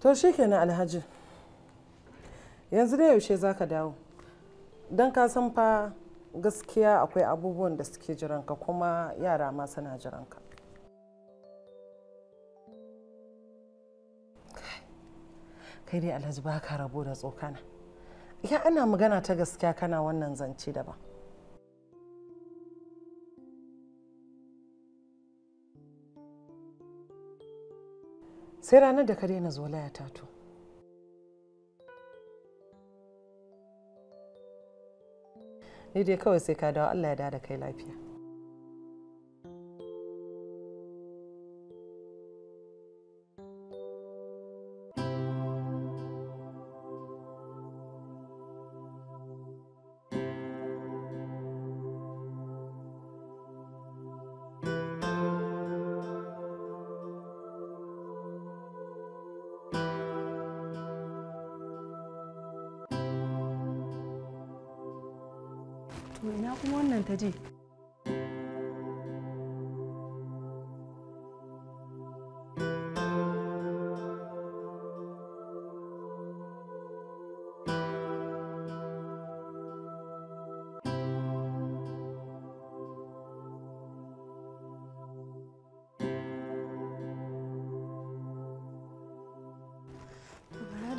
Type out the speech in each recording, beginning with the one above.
to shi kenan alhaji yanzu da yaushe za ka dawo don ka san fa gaskiya akwai abubuwan da suke jiranka kuma yara ma suna jiranka kai dai alhaji ba ka rabu da tsokana ya ana magana ta gaskiya kana wannan zance daban sai ranar da ka daina zolaya to ni dai kawai sai ka dawo allah ya da kai lafiya ta dai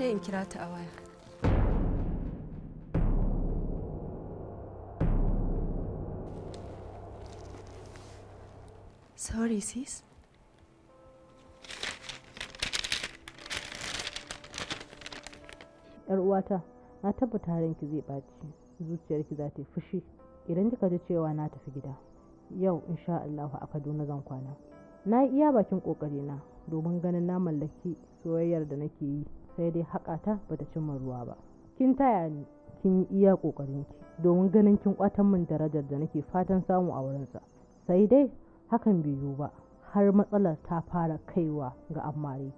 in kira ta a waya sorry, sis. ‘Yar uwata, na tabbata ranki zai ɓaci, zuciyarki za ta yi fushi idan kika ji cewa na tafi gida. Yau, insha Allah, a Kaduna zan kwana. Na yi iya bakin ƙoƙarina domin ganin na mallaki soyayyar da nake yi, sai dai haƙata bata cimma ruwa ba. Kin taya ni, kin yi iya ki domin ganin kin ƙwatan min darajar da nake fatan samu a wurinsa. Sai dai hakan bai yiwu ba har matsalar ta fara kaiwa ga ammariki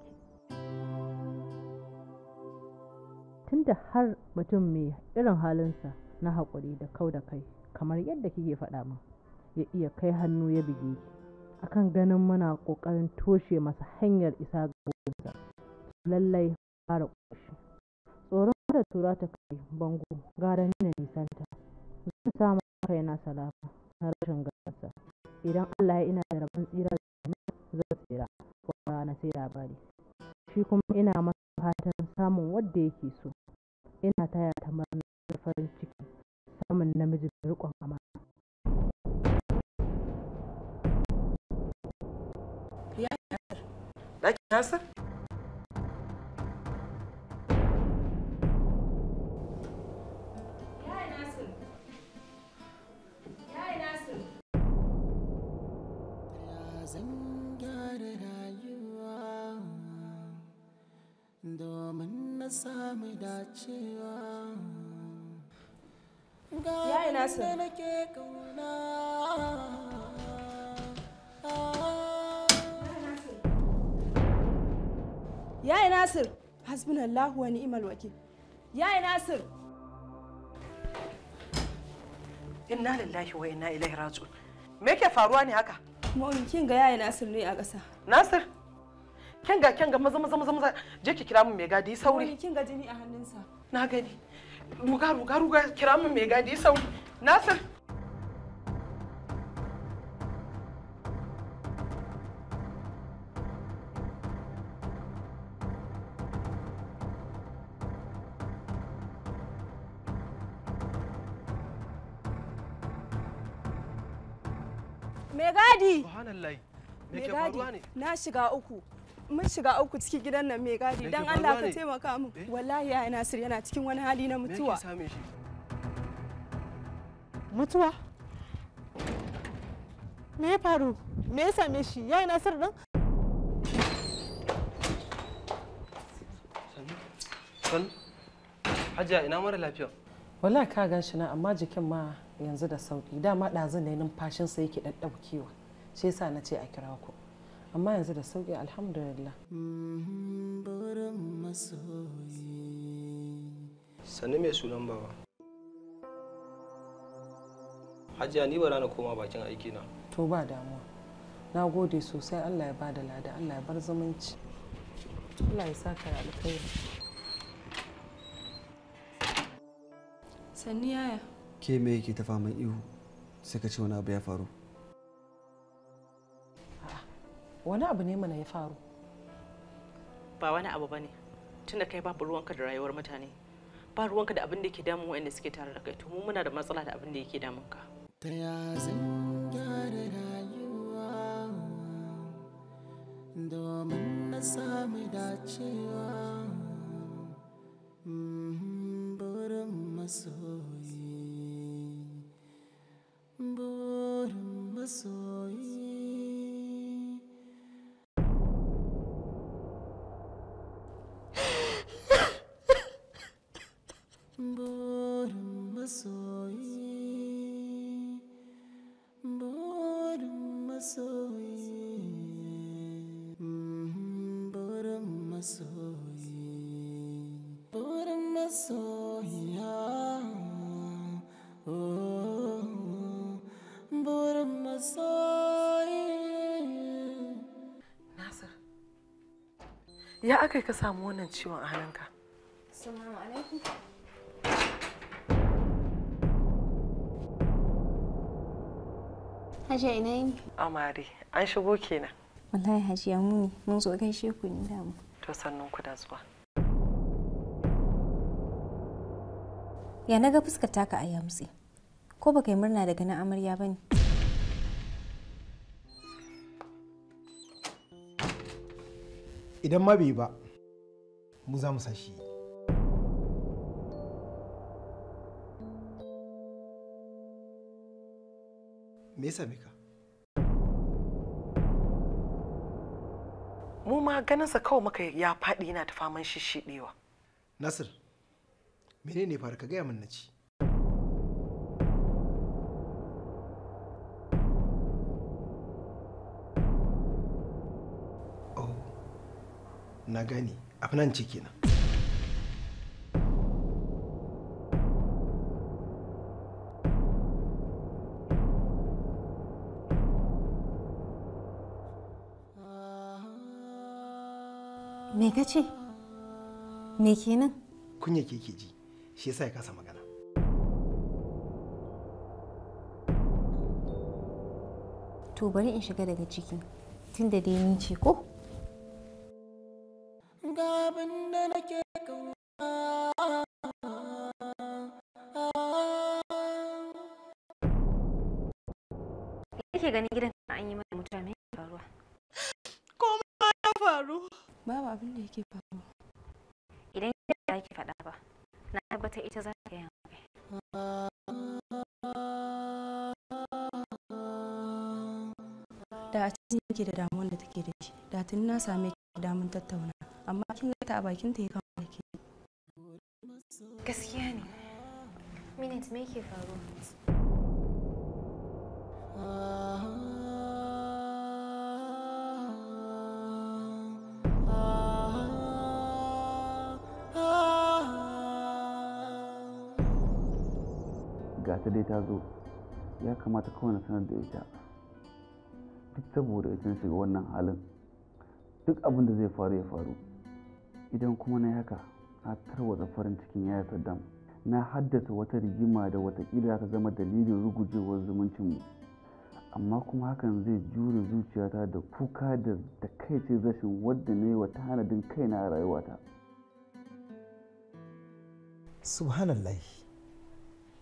tunda har mutum mai irin halinsa na haƙuri da kau da kai kamar yadda kike faɗa min ya iya kai hannu ya bige. ki akan ganin muna ƙoƙarin toshe masa hanyar isa ga gobe lallai fara ƙoshi tsoron da tura ta kai bango gara nuna nisanta zan samu na salama na rashin idan Allah ya ina da rabon tsira zan tsira kuma na sai labari shi kuma ina masa fatan samun wadda yake so ina taya ta murnar farin ciki samun namiji da riƙon amana Yasir. Nasir. Yaya Nasir, Allah wa ni'mal wakil. Yaya Nasir. Inna lillahi wa inna ilaihi raji'un. Me yake faruwa ne haka? Ma'un kin ga yaya Nasir ne a ƙasa. Nasir, kin ga kin ga maza maza maza maza je ki kira min mai gadi sauri. Ma'un kin ga jini a hannunsa. Na gani. Ruga ruga ruga kira min mai gadi sauri. Nasir. Megadi! Subhanallah. Megadi, Na shiga uku. mun shiga uku cikin gidan nan Megadi. dan Allah ka taimaka min eh? wallahi ya Nasir yana cikin wani hali na mutuwa me mutuwa me ya faru me ya same shi yayi nasir din san hajiya ina mara lafiya wala ka gan shi na amma jikin ma yanzu da sauki dama ɗazun ne numfashinsa yake ɗaɗɗaukewa shi yasa na ce a kira ku amma yanzu da sauki alhamdulillah mm-hmm, sani mai sunan bawa. hajiya ni ba rana koma bakin aiki na to ba damuwa na gode sosai allah ya bada lada allah ya bar zumunci allah ya saka alkhairi sanni yaya ke me yake ta faman ihu sai ka ce wani abu ya faru wani abu ne mana ya faru ba wani abu ba ne tunda kai babu ruwanka da rayuwar mutane ba ruwanka da abin da ke damun wa'anda suke tare da kai to mu muna da matsala da abin da yake damun ka ta ya zan gyara rayuwa domin na sami dacewa mm-hmm, burin maso kai ka samu wannan ciwon a hannunka? Assalamu alaikum. Hajiya ina yi? amari an shigo kenan. Wallahi Hajiya mu ne, mun zo gaishe ku ni da mu. To sannun ku da zuwa. Ya naga fuskar taka a yamtse. Ko baka yi murna daga na amarya bane? Idan ma bai ba, mu za mu sashi. shi me yasa mika mu ma ganinsa kawai muka ya faɗi yana ta faman shishiɗewa nasir menene fara ka gaya min naci na oh, gani. nan ce kenan me ka ce me kenan kunya ke ke ji shi yasa ya kasa magana to bari in shiga daga ciki tunda dai ni ce ko nake ganin gidan an yi mai mutuwa me yake faruwa ya faru babu abin da yake faruwa idan ya ki faɗa ba na tabbata ita za ta yi da a cikin yake da damuwar da take da shi da tun na same ki damun tattauna amma kin ga ta a bakin ta ya kama ke gaskiya ne minute me yake faruwa ga ta dai ta zo ya kamata kawai na sanar da ita duk saboda ita shiga wannan halin duk abin da zai faru ya faru idan kuma na haka na tarwatsa farin cikin yaya saddam na haddasa wata rigima da watakila ta zama dalilin rugujewar zumuncinmu amma kuma hakan zai jure zuciyata da kuka da takaicin rashin wadda na yi wa tanadin kaina a rayuwata subhanallah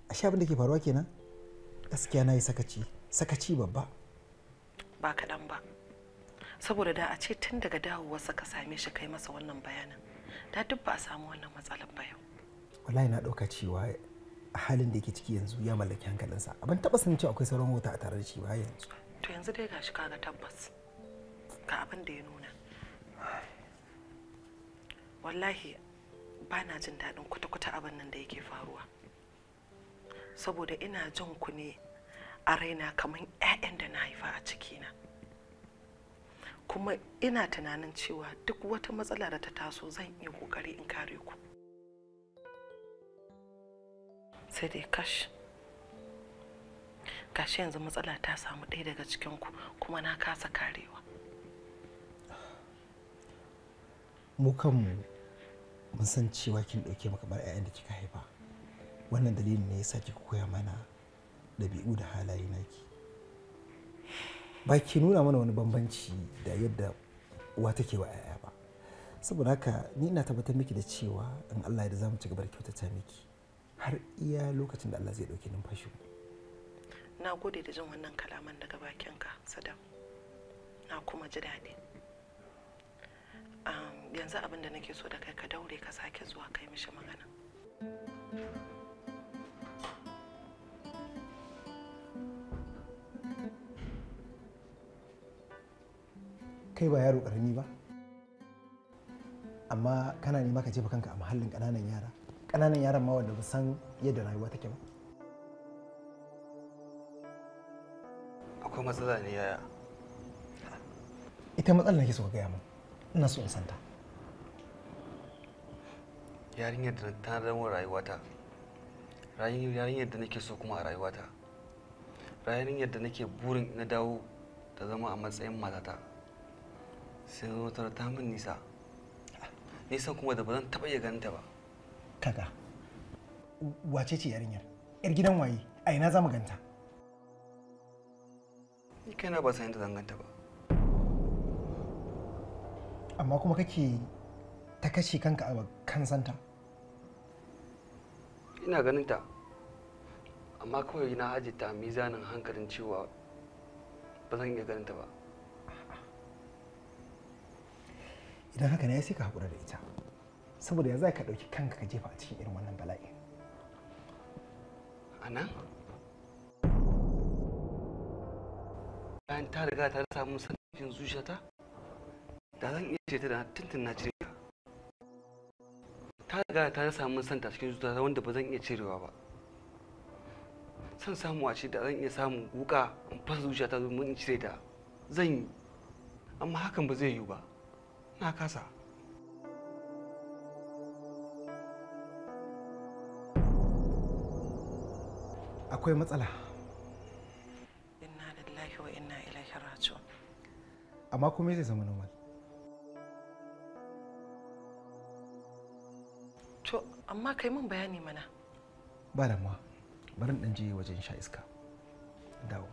ashe abin da ke faruwa kenan gaskiya na yi sakaci sakaci babba ba kaɗan ba saboda da a ce tun daga dawowarsa ka same shi kai masa wannan bayanin da duk ba a samu wannan matsalar ba yau wallahi na ɗauka cewa halin da yake ciki yanzu ya mallaki hankalinsa ban taba sanin cewa akwai sauran wata a tare da shi ba yanzu to yanzu dai gashi kaga tabbas ga abin da ya nuna wallahi ba na jin daɗin kwata-kwata abin nan da yake faruwa saboda ina jin ku ne a raina kamar 'ya'yan da na haifa a cikina kuma ina tunanin cewa duk wata matsala da ta taso zan iya kokari in kare ku sai dai kash kashi yanzu matsala ta samu ɗaya daga cikinku kuma na kasa karewa mu kanmu mun san cewa kin ɗauke maka bar 'ya'yan da kika haifa wannan dalilin ne yasa kika koya mana ɗabi'u da halaye naki ba ki nuna mana wani bambanci da yadda uwa take wa 'ya'ya ba saboda haka ni ina tabbatar miki da cewa in Allah ya da za mu ci gaba da kyautata miki har iya lokacin da Allah zai ɗauki numfashi na gode da jin wannan kalaman daga bakinka sadam na kuma ji daɗi yanzu abin da nake so da kai ka daure ka sake zuwa kai mishi magana kai ba yaro ƙarami ba amma kana nema ka jefa kanka a mahallin ƙananan yara ƙananan yaran ma wanda ba san yadda rayuwa take ba akwai matsala ne yaya ita matsalar nake so ka gaya min ina so in santa yarinyar da ta zama rayuwata yadda da nake so kuma a rayuwata yarinyar yadda nake burin na dawo ta zama a matsayin matata sai zo ta min nisa nisan kuma da ba zan taɓa iya ganin ta ba kaka wace ce yarinyar yar gidan waye a ina za mu ganta ni kaina ba san yadda zan ganta ba amma kuma kake ta kashe kanka a kan santa ina ganin ta amma kawai na aje ta mizanin hankalin cewa ba zan iya ganin ta ba idan haka ne sai ka haƙura da ita saboda ya za ka ɗauki kanka ka jefa a cikin irin wannan bala'i ana? bayan ta riga ta samu sanin zuciyata da zan iya ce ta da tuntun na cire ta riga ta samu santa cikin zuciyata wanda ba zan iya cirewa ba san samu a ce da zan iya samun wuka in fasa zuciyata domin in cire ta zan yi amma hakan ba zai yiwu ba na kasa akwai matsala inna lillahi wa inna ilaihi raji'un amma kuma zai zama normal to amma kai mun bayani mana ba da ma bari dan je wajen sha iska dawo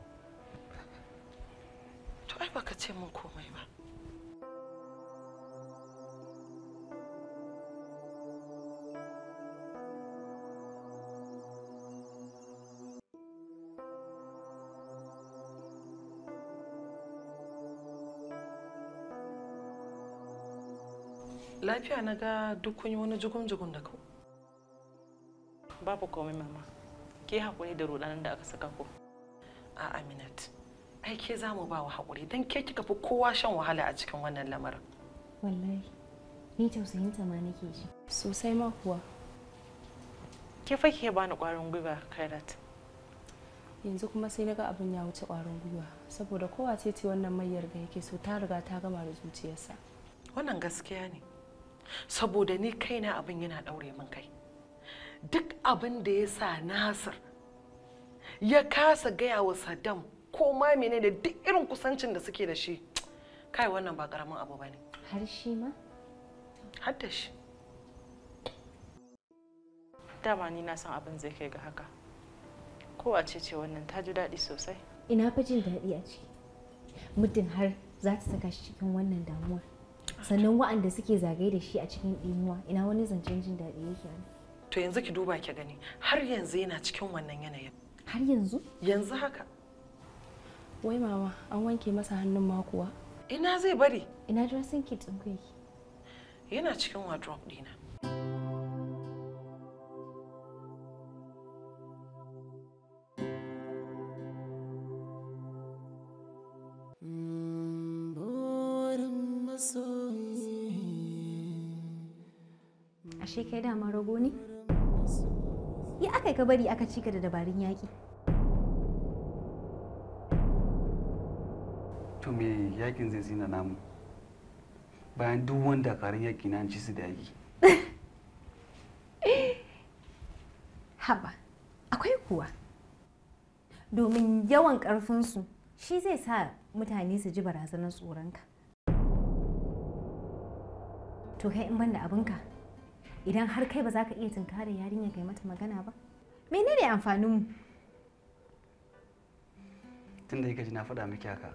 to ai baka ce mun komai ba lafiya na ga duk kun yi wani jugun-jugun da ku babu komai mama ke haƙuri da rudanin da aka saka ku a aminat ai ke za mu ba wa haƙuri don ke kika fi kowa shan wahala a cikin wannan lamarin wallahi ni tausayin ta ma nake shi sosai ma kuwa ke fa ke bani ƙwarin gwiwa kairat yanzu kuma sai naga abin ya wuce ƙwarin gwiwa saboda kowa ce ce wannan mai yarga yake so ta riga ta gama da zuciyarsa wannan gaskiya ne saboda ni kaina abin yana ɗaure min kai duk abin da ya sa nasir ya kasa gaya wa saddam ko ma mene da duk irin kusancin da suke da shi kai wannan ba karamin abu ba ne har shi ma har da shi dama ni na san abin zai kai ga haka ko a ce ce wannan ta ji daɗi sosai ina fa jin daɗi a ciki muddin har za ta saka shi cikin wannan damuwa. sannan wa'anda suke zagaye da shi a cikin ɗinuwa ina wani zancen jin daɗi yake to yanzu ki duba ki gani har yanzu yana cikin wannan yanayin har yanzu yanzu haka wai mama an wanke masa hannun ma kuwa ina zai bari ina dressing kit ɗin ku yake yana cikin wardrobe dina. ashe kai dama rago ne ya aka ka bari aka cika da dabarun yaƙi to me yakin zai zina namu bayan duk wanda karin yaƙi na ci su da yaƙi haba akwai kuwa domin yawan ƙarfinsu shi zai sa mutane su ji barazanar tsoronka to kai in banda abinka idan har kai ba za ka iya tunkarar yarinya kai mata magana ba menene amfanin mu tun da ji na faɗa miki haka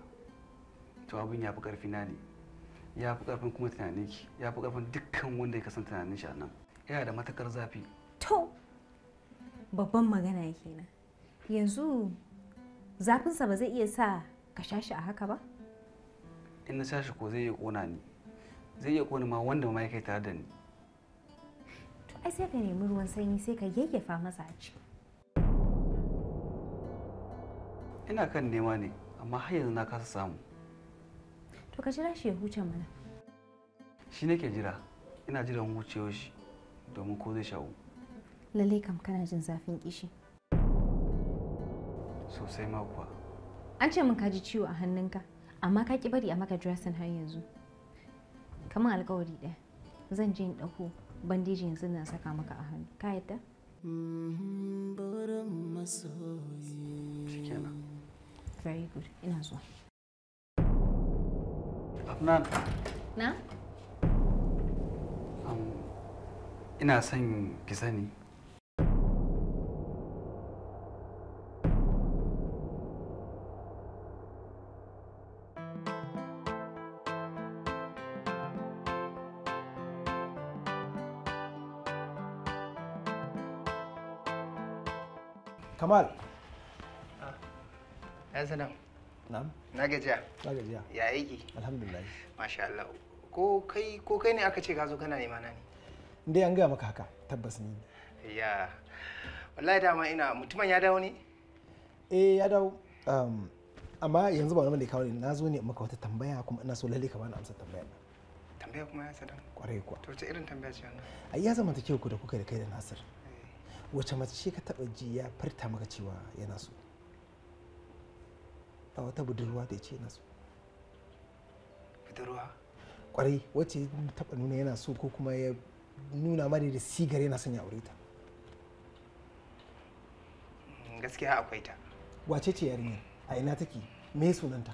to abin ya fi ƙarfi na ne ya fi ƙarfin kuma tunanin ki ya fi ƙarfin dukkan wanda ya kasan tunanin shi a nan yana da matakar zafi to babban magana kenan yanzu zafinsa ba zai iya sa ka sha shi a haka ba in na sha shi ko zai iya ƙona ni zai iya ƙona ma wanda ma ya kai tare da ni ai sai ka nemi ruwan sanyi sai ka yayyafa masa a ci ina kan nema ne amma har yanzu na kasa samu to ka jira shi ya huce mana shi nake jira ina jiran wucewar shi domin ko zai shawo lalle kam kana jin zafin kishi sosai ma kuwa an ce min ka ji ciwo a hannunka amma ka ki bari a maka dressing har yanzu kamar alkawari ɗaya zan je in ɗauko ਬੰਦੀਜੀਆਂ ਸੇ ਨਾ ਸਾ ਕੰਮ ਕਰ ਹਨ ਕਾਇਤ ਬਰਮ ਸੋਈ very good ਇਨ ਹਸ ਵਾ ਆਪਨਾ ਨਾ ਹਮ ਇਨਾ ਸੰ ਕਿਸਾਨੀ Kamal. Ah, Yan sanan. Na'am. Na gajiya. Na gajiya. Ya aiki? Alhamdulillah. Masha Allah. Ko kai ko kai ne aka ce ka zo kana nema na ne? Dai an gaya maka haka tabbas ni. Ya. Wallahi ina mutumin ya dawo ne? Eh ya dawo. amma yanzu ba wani mai kawo ne na zo ne maka wata tambaya kuma ina so lalle ka bani amsar tambaya Tambaya kuma ya sadan? Kwarai kuwa. To ta irin tambaya ce wannan? Ai ya zama ta ku da kuka da kai da Nasir. wace mace shi ka taba ji ya furta maka cewa yana so a wata budurwa da ya ce yana so budurwa kwarai wacce taba nuna yana so ko kuma ya nuna mara da sigar yana son ya aure ta gaskiya akwai ta wace ce yarinya a ina take me sunanta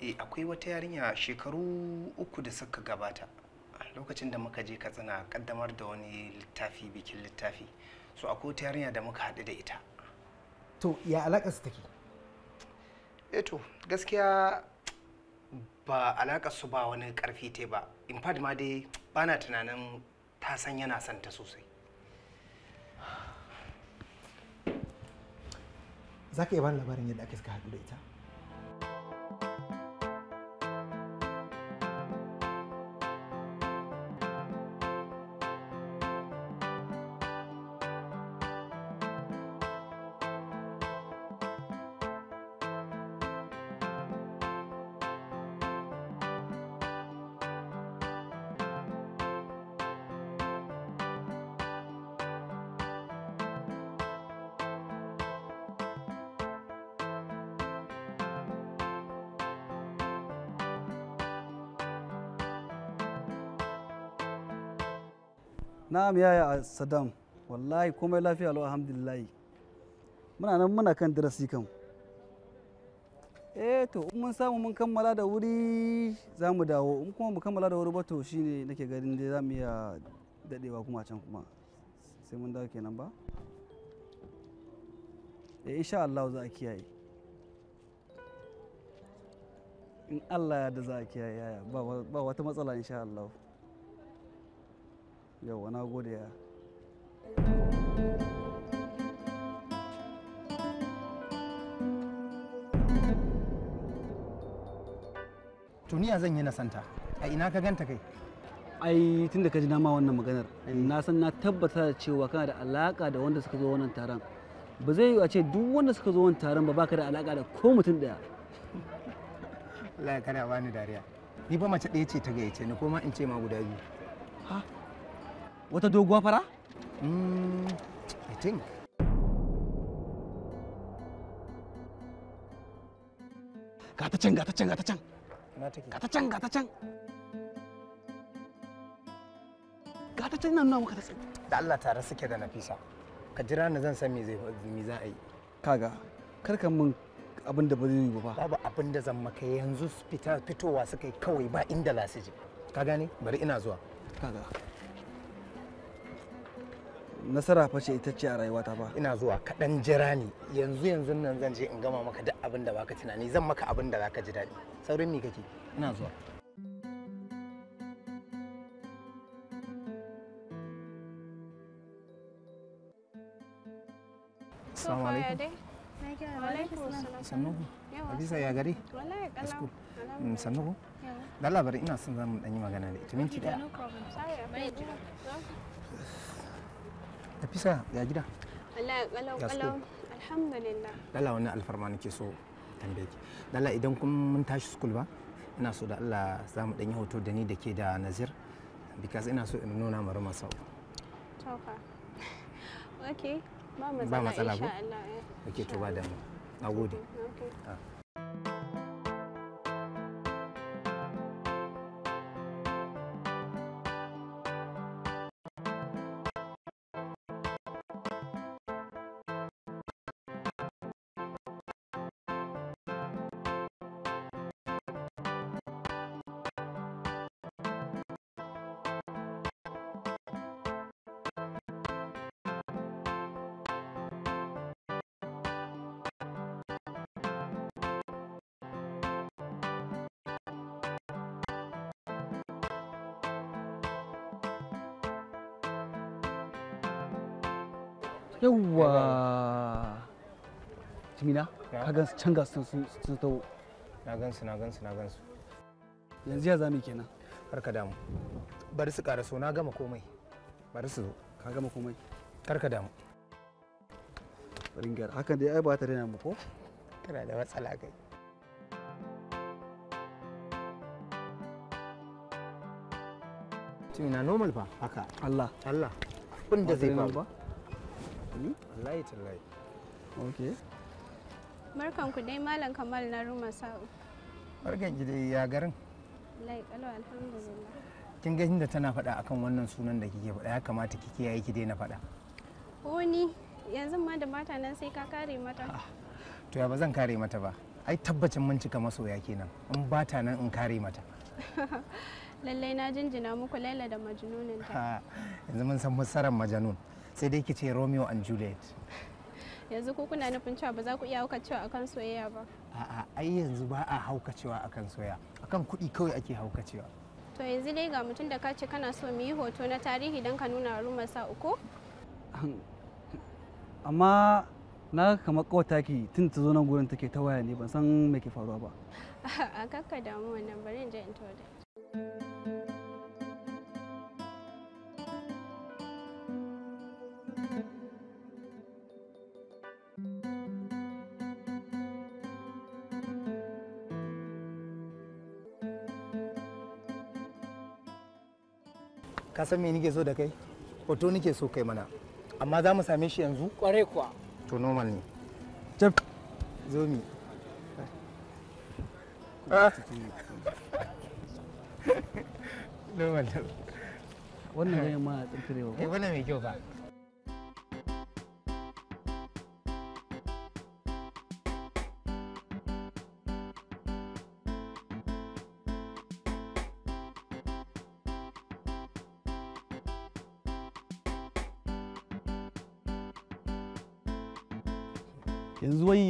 eh akwai wata yarinya shekaru uku da suka gabata lokacin da muka je katsina kaddamar da wani littafi bikin littafi so a wata yarinya da muka haɗu da ita to ya alaƙa su take eh to gaskiya ba alaƙa su ba wani ƙarfi te ba in fact ma dai ba na tunanin ta san yana son ta sosai za ka iya bani labarin yadda ake suka haɗu da ita na'am yaya saddam wallahi komai lafiya lau alhamdulillahi muna nan muna kan darasi kan eh to in mun samu mun kammala da wuri za mu dawo in kuma mu kammala da wuri ba to shine nake ganin dai za mu iya dadewa kuma can kuma sai mun dawo kenan ba eh insha Allah za a kiyaye in Allah ya da za a kiyaye ba wata matsala insha Allah yau na gode ya tuniya zan yi na santa a ina ka ganta kai ai tun da ka ji nama wannan maganar eh. na san na tabbata da cewa kana da alaka da wanda suka zo wannan taron ba zai yi a ce duk wanda suka zo wannan taron ba baka da alaka da ko mutum daya Allah ya kana bani dariya ni ba mace ɗaya ce ta gayyace ni ko ma in ce ma guda biyu ha wata doguwa fara? Hmm, I think. Gata can, gata can, gata can. Gata can, gata can. Gata can nan nawa gata can. Da Allah tare suke da Nafisa. Ka jira ni zan san me za a yi. Kaga, karkan mun abin da ba zai yi ba. Babu abin da zan maka yanzu fitowa suka yi kawai ba inda lasiji. kaga ne Ka gane? Bari ina zuwa. Kaga. nasara fa ce ita ce a rayuwata ba. ina zuwa kaɗan jira ne. yanzu yanzu nan zan je in gama maka duk abin da baka tunani zan maka abin da zaka ji daɗi saurin ni kake ina zuwa Assalamu alaikum. Sannu ku? Abisa ya gari? Mm, sannu ku? Da labarin ina son zamu ɗan yi magana da ita minti ɗaya. Nafisa ya gida? Allah kalau kalau alhamdulillah. Lalla wani alfarma nake so tambaye ki. Lalla idan kun mun tashi school ba ina so da Allah za mu dan yi hoto da ni da ke da Nazir because ina so in nuna mara masa. To Okay. Ba matsala insha Allah. Eh. Okay to ba da mu. Nagode. Okay. Ah. yawwa jimina ka gan can ga sun sun tawo na gan su na gan su na gan su yanzu ya zami kenan karka damu bari su karaso na gama komai bari su zo ka gama komai karka damu ringar hakan dai ai ba ta rena mu ko kana da matsala kai jimina normal ba haka Allah Allah abin da zai ba ne? Wallahi tallahi. Ok. Barkan ku dai Malam Kamal na Ruma Sa'u. Barkan ki dai ya garin. Wallahi kalau alhamdulillah. Kin ga inda tana faɗa akan wannan sunan da kike faɗa ya kamata kike yayi ki daina faɗa. Ko ni yanzu ma da mata nan sai ka kare mata. Ah, to ya ba zan kare mata ba. Ai tabbacin mun cika masoya kenan. In ba ta nan in kare mata. Lallai na jinjina muku Laila da Majnunin ta. Yanzu mun san mussarar Majnun. sai dai kice romeo and juliet yanzu ku kuna nufin cewa ba za ku iya haukacewa akan soyayya ba a'a ai yanzu ba a haukacewa akan soyayya akan kuɗi kawai ake haukacewa to yanzu dai ga mutum da ka ce kana so mu yi hoto na tarihi don ka nuna wa sa uku amma na kamar kawata ki tun ta zo nan gurin take ta waya ne ban san me ke faruwa ba a kakka damu wannan bari in je in tawo da ka san me nike so da kai hoto nike so kai mana amma za mu same shi yanzu kware kuwa to normal ne jab zo mi normal wannan ne ma tsirewa eh wannan mai kyau ba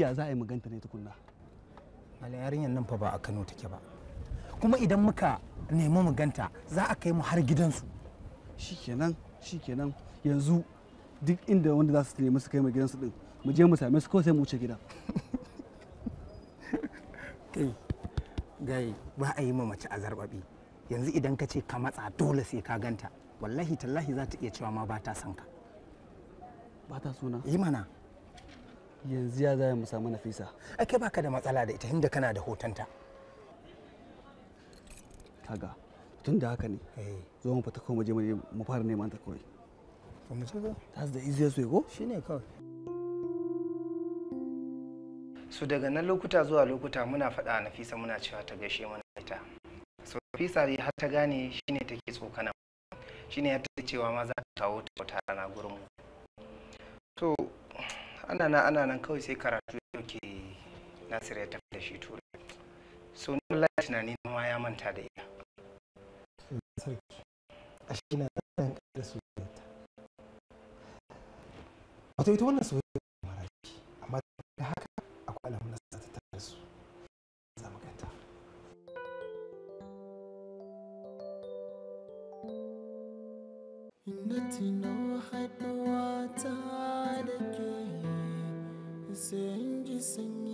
ya za a yi maganta ne tukunna malam yarinyar nan fa ba a Kano take ba kuma idan muka nemi maganta za a kai mu har gidansu shikenan shikenan yanzu duk inda wanda za su nemi su kai mu gidansu din mu je mu same su ko sai mu wuce gida kai gai ba a yi ma mace azarbabi yanzu idan ka ce ka matsa dole sai ka ganta wallahi tallahi za ta iya cewa ma ba ta son ka ba ta suna yi mana yanzu ya zama mu samu nafisa ake baka da matsala da ita inda kana da hotonta kaga tun da haka ne eh. zo mu fita kuma mu je mu fara neman ta kawai to mu je ta da easiest way ko shine kawai su daga nan lokuta zuwa lokuta muna faɗa nafisa muna cewa ta gaishe mana ita so nafisa har ta gane shine take tsokana shine ya ta cewa ma za ta kawo ta rana gurin ana nan ana nan kawai sai karatu yake nasir ya tafi da shi turai so ni wallahi tunani na ma ya manta da ita a shi na nan da soyayyarta wato ita wannan soyayya mara rafi amma da haka akwai alamun da ta tare su za mu ganta Inna tino ta incende, Senhor.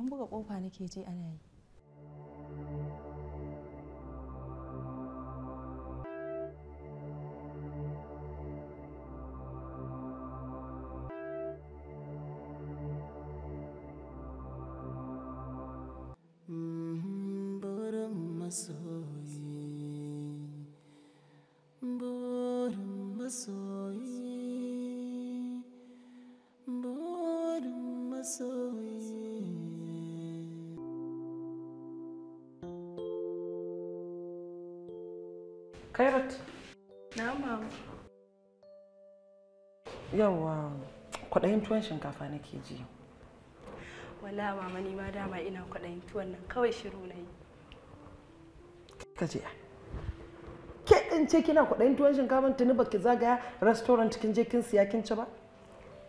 kamar buga kofa nake ji ana yi tuwon shinkafa nake ji wala mama ni ma dama ina kwaɗayin tuwon nan kawai shiru na yi kaje ke in ce kina kwaɗayin tuwon shinkafa tuni baki zagaya restaurant kin je kin siya kin ci ba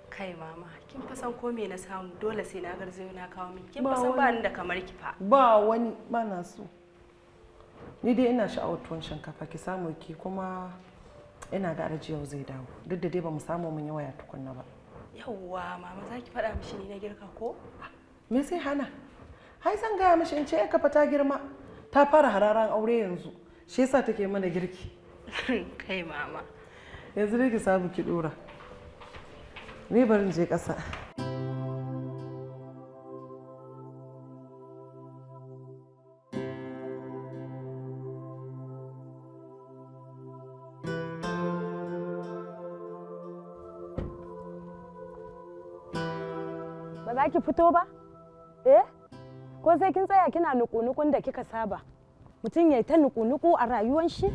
kai mama kin fa san ko me na samu dole sai na garzayo na kawo min kin fa san ba ni da kamar ki fa ba wani ba na so ni dai ina sha'awar tuwon shinkafa ki samu ki kuma ina ga arjiyau zai dawo duk da dai ba mu samu mun yi waya tukunna ba yauwa mama za ki faɗa mishi ne na girka ko? Me sai hana? Hai zan gaya mishi in ce ka kafa ta girma ta fara hararan aure yanzu shi yasa take mana girki. Kai mama. Yanzu ne ki samu ki dora. Ni barin je ƙasa. ki fito ba eh ko sai kin tsaya kina nuku-nukun da kika saba mutum ya ta nuku-nuku a rayuwan shi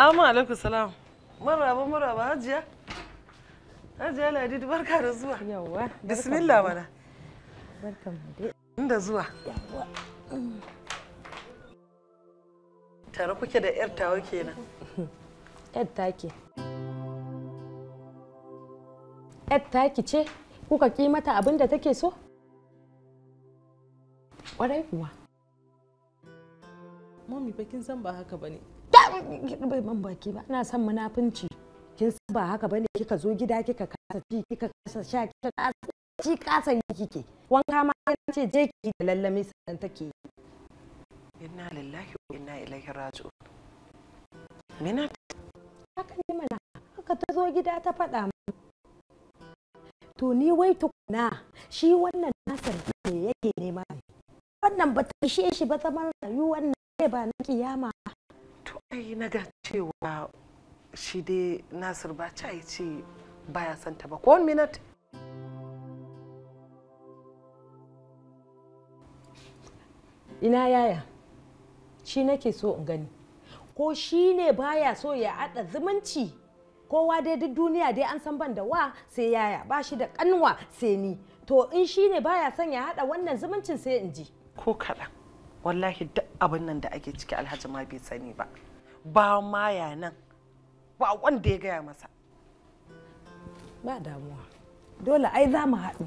Amma alaikum salam. Maraba maraba hajiya. Hajiya Ladidi barka da zuwa. Yawwa. Bismillah mana. Barkan mu dai. Inda zuwa. Tare kuke da 'yar tawa kenan. 'Yar take. 'Yar take ce kuka ki mata abin da take so? Ƙwarai kuwa. Mami ba kin san ba haka ba ne. bai man baki ba ina son munafunci kin san ba haka bane kika zo gida kika kasa ci kika kasa sha kika kasa shi kasan kike wanka ma ce je ki da lallami sannan take yi inna lillahi wa inna ilaihi raji'un mina haka ne mana haka ta zo gida ta faɗa mu to ni wai tukuna shi wannan nasar ne yake nema wannan ba ta ishe shi ba zaman rayuwar na ne ba na kiyama to ai na ga cewa shi dai nasir ba ta ce baya santa ba ko minat ina yaya shi nake so in gani ko shi ne baya so ya haɗa zumunci kowa dai duk duniya dai an san ban da wa sai yaya ba shi da kanwa sai ni to in shi ne baya son ya haɗa wannan zumuncin sai in ji ko kaɗan wallahi duk abin nan da ake ciki alhaji ma bai sani ba ba ma ya nan ba wanda ya gaya masa ba damuwa dole ai za mu haɗu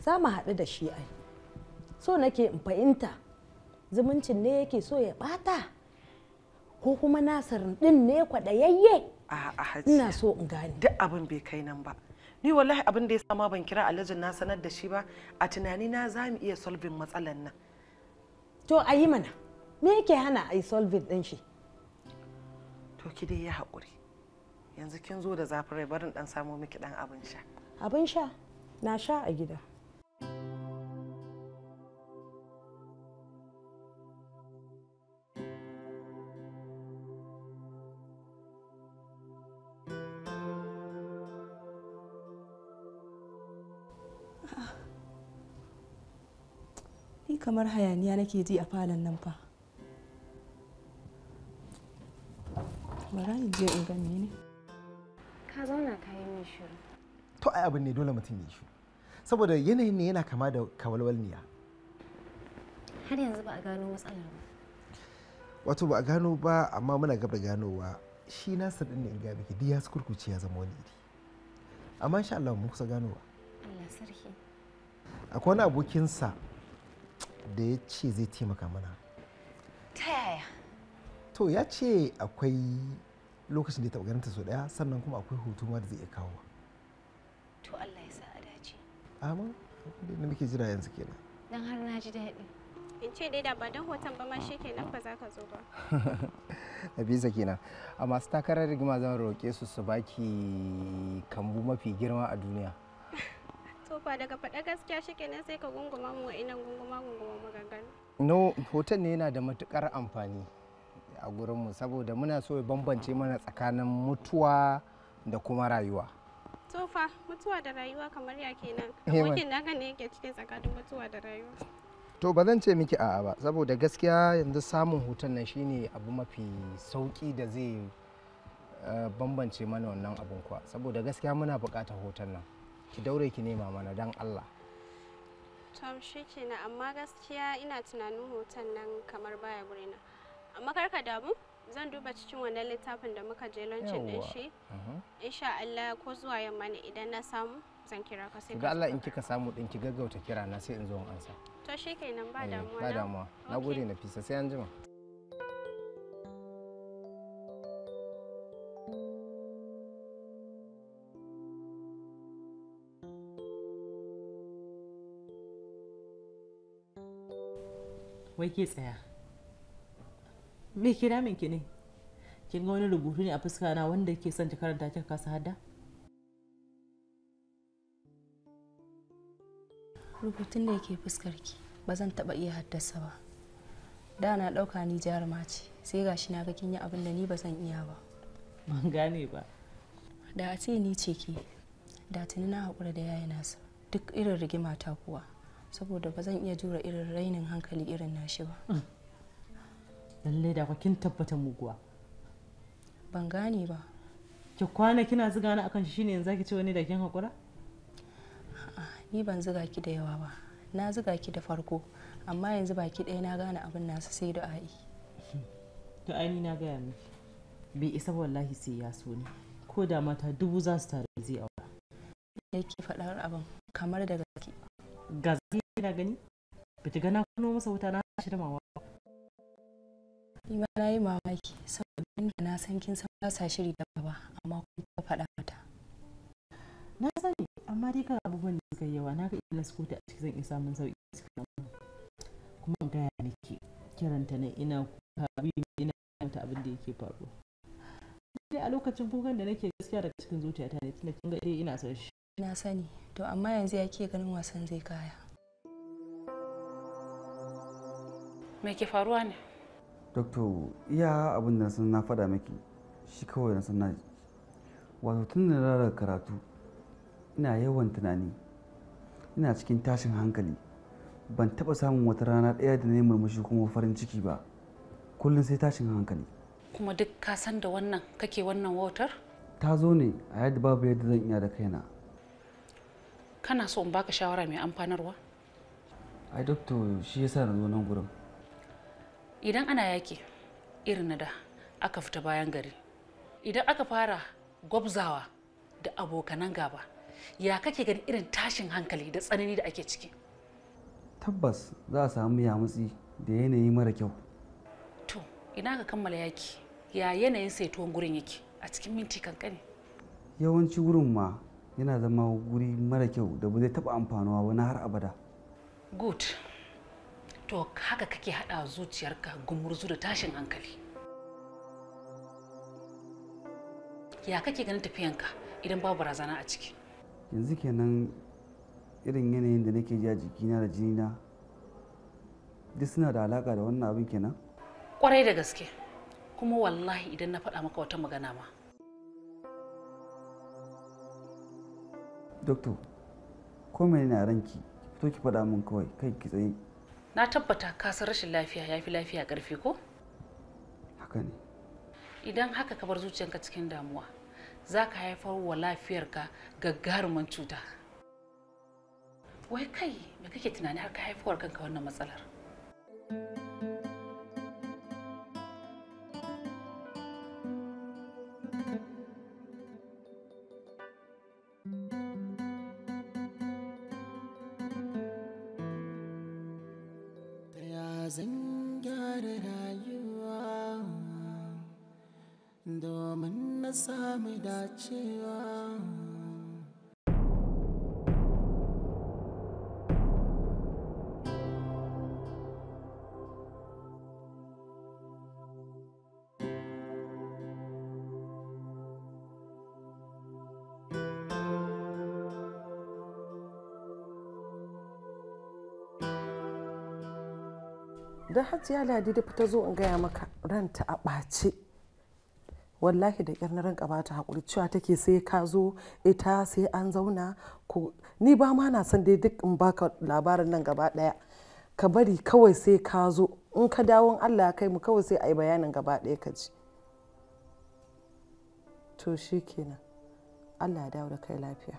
za mu haɗu da shi ai so nake in fahimta zumuncin ne yake so ya bata ko kuma nasar din ne kwaɗayayye ina so in gane duk abin bai kai nan ba ni wallahi abin da ya sama ban kira alhajin na sanar da shi ba a tunani na za mu iya solving matsalan nan to a yi mana me yake hana a yi solving din shi to ki dai ya hakuri yanzu kin zo da zafin rai barin dan samo miki dan abin sha abin sha na sha a gida thank you kamar hayaniya nake ji a falon nan fa bari je in gani ne ka zauna ka yi min shiru to ai abin ne dole mutum ya shiru saboda yanayin ne yana kama da kawalwalniya har yanzu ba a gano matsalar ba wato ba a gano ba amma muna gaba ganowa shi nasa din ne in ga ki duk ya kurkuce ya zama wani iri amma insha Allah mun kusa ganowa Allah sarki akwai wani abokinsa da ya ce zai taimaka mana ta yaya to ya ce akwai lokacin da ya taɓa ta sau ɗaya sannan kuma akwai hutu ma da zai iya kawo to Allah ya sa a dace amin da muke jira yanzu kenan dan har na ji daɗi in ce dai da ba don hoton ba ma shi kenan ba za ka zo ba Hadiza kenan a masu takarar rigima zan roƙe su su baki kambu mafi girma a duniya so daga faɗa gaskiya shikenan sai ka gunguma mu wa'inan gunguma gunguma maganganu no hoton ne yana da matukar amfani a gurinmu saboda muna so ya bambance mana tsakanin mutuwa da kuma rayuwa tofa mutuwa da rayuwa kamar ya kenan eh, abokin naka ne yake cikin tsakanin mutuwa da rayuwa to ba zan ce miki a'a ba saboda gaskiya yanzu samun hoton nan shine abu mafi sauki da zai eh, bambance mana wannan abun kuwa saboda gaskiya muna buƙatar hoton nan ki daure ki nema mana dan Allah tom shi kenan amma gaskiya ina tunanin hoton nan kamar baya na amma karka damu zan duba cikin wannan littafin da muka je lancin din shi insha Allah ko zuwa yamma ne idan na samu zan kira ka sai ga Allah in kika samu din ki gaggauta kira na sai in zo in ansa to shi kenan ba eh, damuwa ba damuwa nagode fisa sai an jima wai ke tsaya me ke damin ki ne kin ga wani rubutu ne a fuska na wanda ke son ta karanta kika kasa hadda. rubutun da yake fuskar ki ba zan taba iya haddasa ba da na dauka ni jaruma ce sai gashi na ga kin yi abin da ni ba zan iya ba ban gane ba da a ce ni ce ke da tuni na haƙura da yayi nasa duk irin rigima ta kuwa saboda ba zan iya jura irin rainin hankali irin nashi ba mm. lallai da kin tabbata muguwa ban gane ba ki kwana kina ziga ni akan shi shine yanzu ki ce wani da kin hakura ni ban ziga ki da yawa ba na ziga ki da farko amma yanzu baki ɗaya na gane abin nasu sai da ai to ai na gaya miki bai isa wallahi sai ya so ni ko da mata dubu za su tare zai aura yake faɗar abin kamar daga ki. ga zan gani ba ta gana kuno masa wuta na shi da mawa ni ma na yi mamaki saboda inda na san kin san ba sa shiri da ba amma kun ta faɗa mata na sani amma dai kan abubuwan da suka yawa na ga ina su kota a cikin zan iya samun sauki a cikin kuma in gaya nake kiranta na ina kuka biyu ina mata abin da yake faruwa dai a lokacin kukan da nake gaskiya daga cikin zuciyata ne tunda kin ga dai ina son shi na sani to amma yanzu ya ke ganin wasan zai kaya me ke faruwa ne doktor iya abin da san na faɗa maki shi kawai na san wato tun da na karatu ina yawan tunani ina cikin tashin hankali ban taɓa samun wata rana ɗaya da na yi murmushi kuma farin ciki ba kullum sai tashin hankali kuma duk ka san da wannan kake wannan wautar ta zo ne a yadda babu yadda zan iya da kaina kana so in baka shawara mai amfanarwa ai doctor shi yasa na zo nan gurin idan ana yaki irin na da aka fita bayan gari idan aka fara gwabzawa da abokanan gaba ya kake gani irin tashin hankali da tsanani da ake ciki tabbas za a samu yamutsi da yanayi mara kyau to ina ka kammala yaki ya yanayin saituwan gurin yake a cikin minti kankani yawanci wurin ma yana zama guri mara kyau da ba zai taba amfanuwa wani har abada good to haka kake hada zuciyarka gumurzu da tashin hankali ya kake ganin tafiyanka idan babu barazana a ciki yanzu kenan irin yanayin da nake ji a jikina da jinina duk suna da alaka da wannan abin kenan kwarai da gaske kuma wallahi idan na faɗa maka wata magana ma doctor ko mai na ranki ki ki faɗa min kawai kai ki tsaye na tabbata ka san rashin lafiya ya fi lafiya ƙarfi ko haka ne idan haka ka bar zuciyarka cikin damuwa za ka haifar wa lafiyarka gagarumin cuta wai kai me kake tunani har ka haifar kanka wannan matsalar don hajiya da fita zo in gaya maka ranta a ɓace wallahi da ƙyar na ranka ba ta haƙuri cewa take sai ka zo ita sai an zauna ko ni ba ma na san dai duk in baka labarin nan gaba ɗaya ka bari kawai sai ka zo in ka dawon allah ya kai mu kawai sai a yi bayanin gaba ɗaya ka ji to shi kenan allah ya dawo da kai lafiya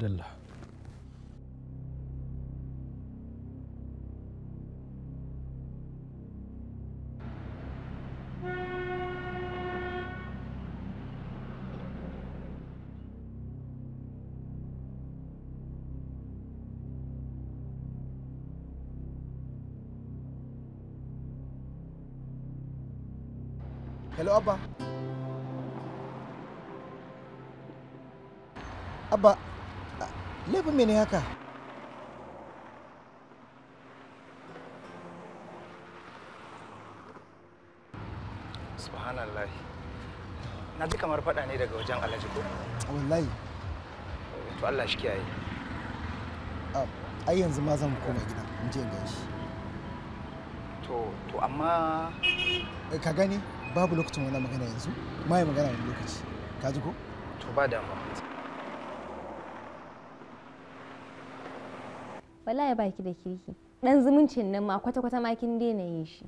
الأدلة هلو أبا أبا laifin mene haka subhanallah na ji kamar fada ne daga wajen alhaji ko wallahi to Allah shi kiyaye ah, ai yanzu ma zan koma gida in je gan shi to to amma eh, ka gani babu lokacin wani magana yanzu mai magana wani lokaci ka ji ko to ba damuwa ya baki da kirki dan zumuncin nan ma kwata kwata ma kin daina yin shi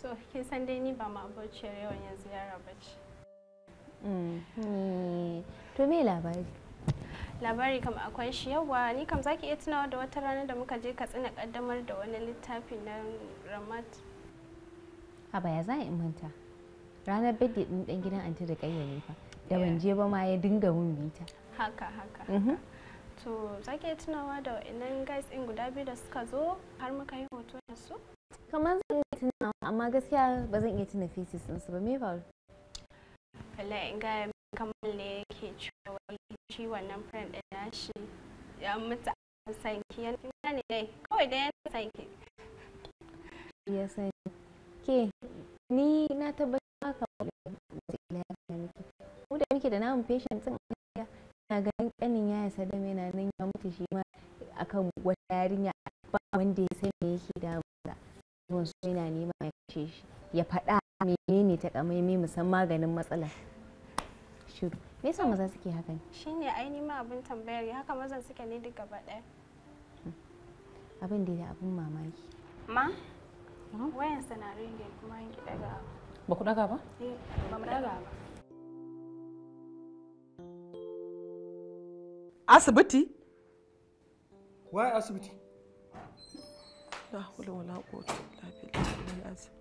to kin san dai ni ba ma yawan mm, eh. to me labari labari kam akwai shi yawa ni kam zaki iya tunawa da wata rana da muka je katsina kaddamar da wani littafi na ramat a baya za in manta ranar birthday din dan gidan anti da kayyane fa da ban je ba ma ya dinga mun bita haka haka mm-hmm. to za iya tunawa da wa'annan guys in guda biyu da suka zo har muka yi hoto da su kamar zan iya tunawa amma gaskiya ba zan iya tuna faces din su ba me faru wallahi in ga kamal ne yake cewa shi wannan friend din nashi ya mutu a sanki yana ne dai kawai dai yana sanki ya san ke ni na tabbatar maka ku da muke da namun patient din ina ganin kanin yasa da yana nan ya mutu shi ma akan wata yarinya ba wanda ya san me yake damunsa yawan so yana nema ya kashe shi ya faɗa menene ta kamaime musamman maganin matsala. shiru me yasa maza suke hakan shine ainihin ma abin tambayar ya haka mazan suke ne duk gaba ɗaya abin da abin mamaki ma wayan sanarin da kuma yanki daga ba ku daga ba eh, ba mu daga ba asibiti wai asibiti la hula wala ko lafiya billah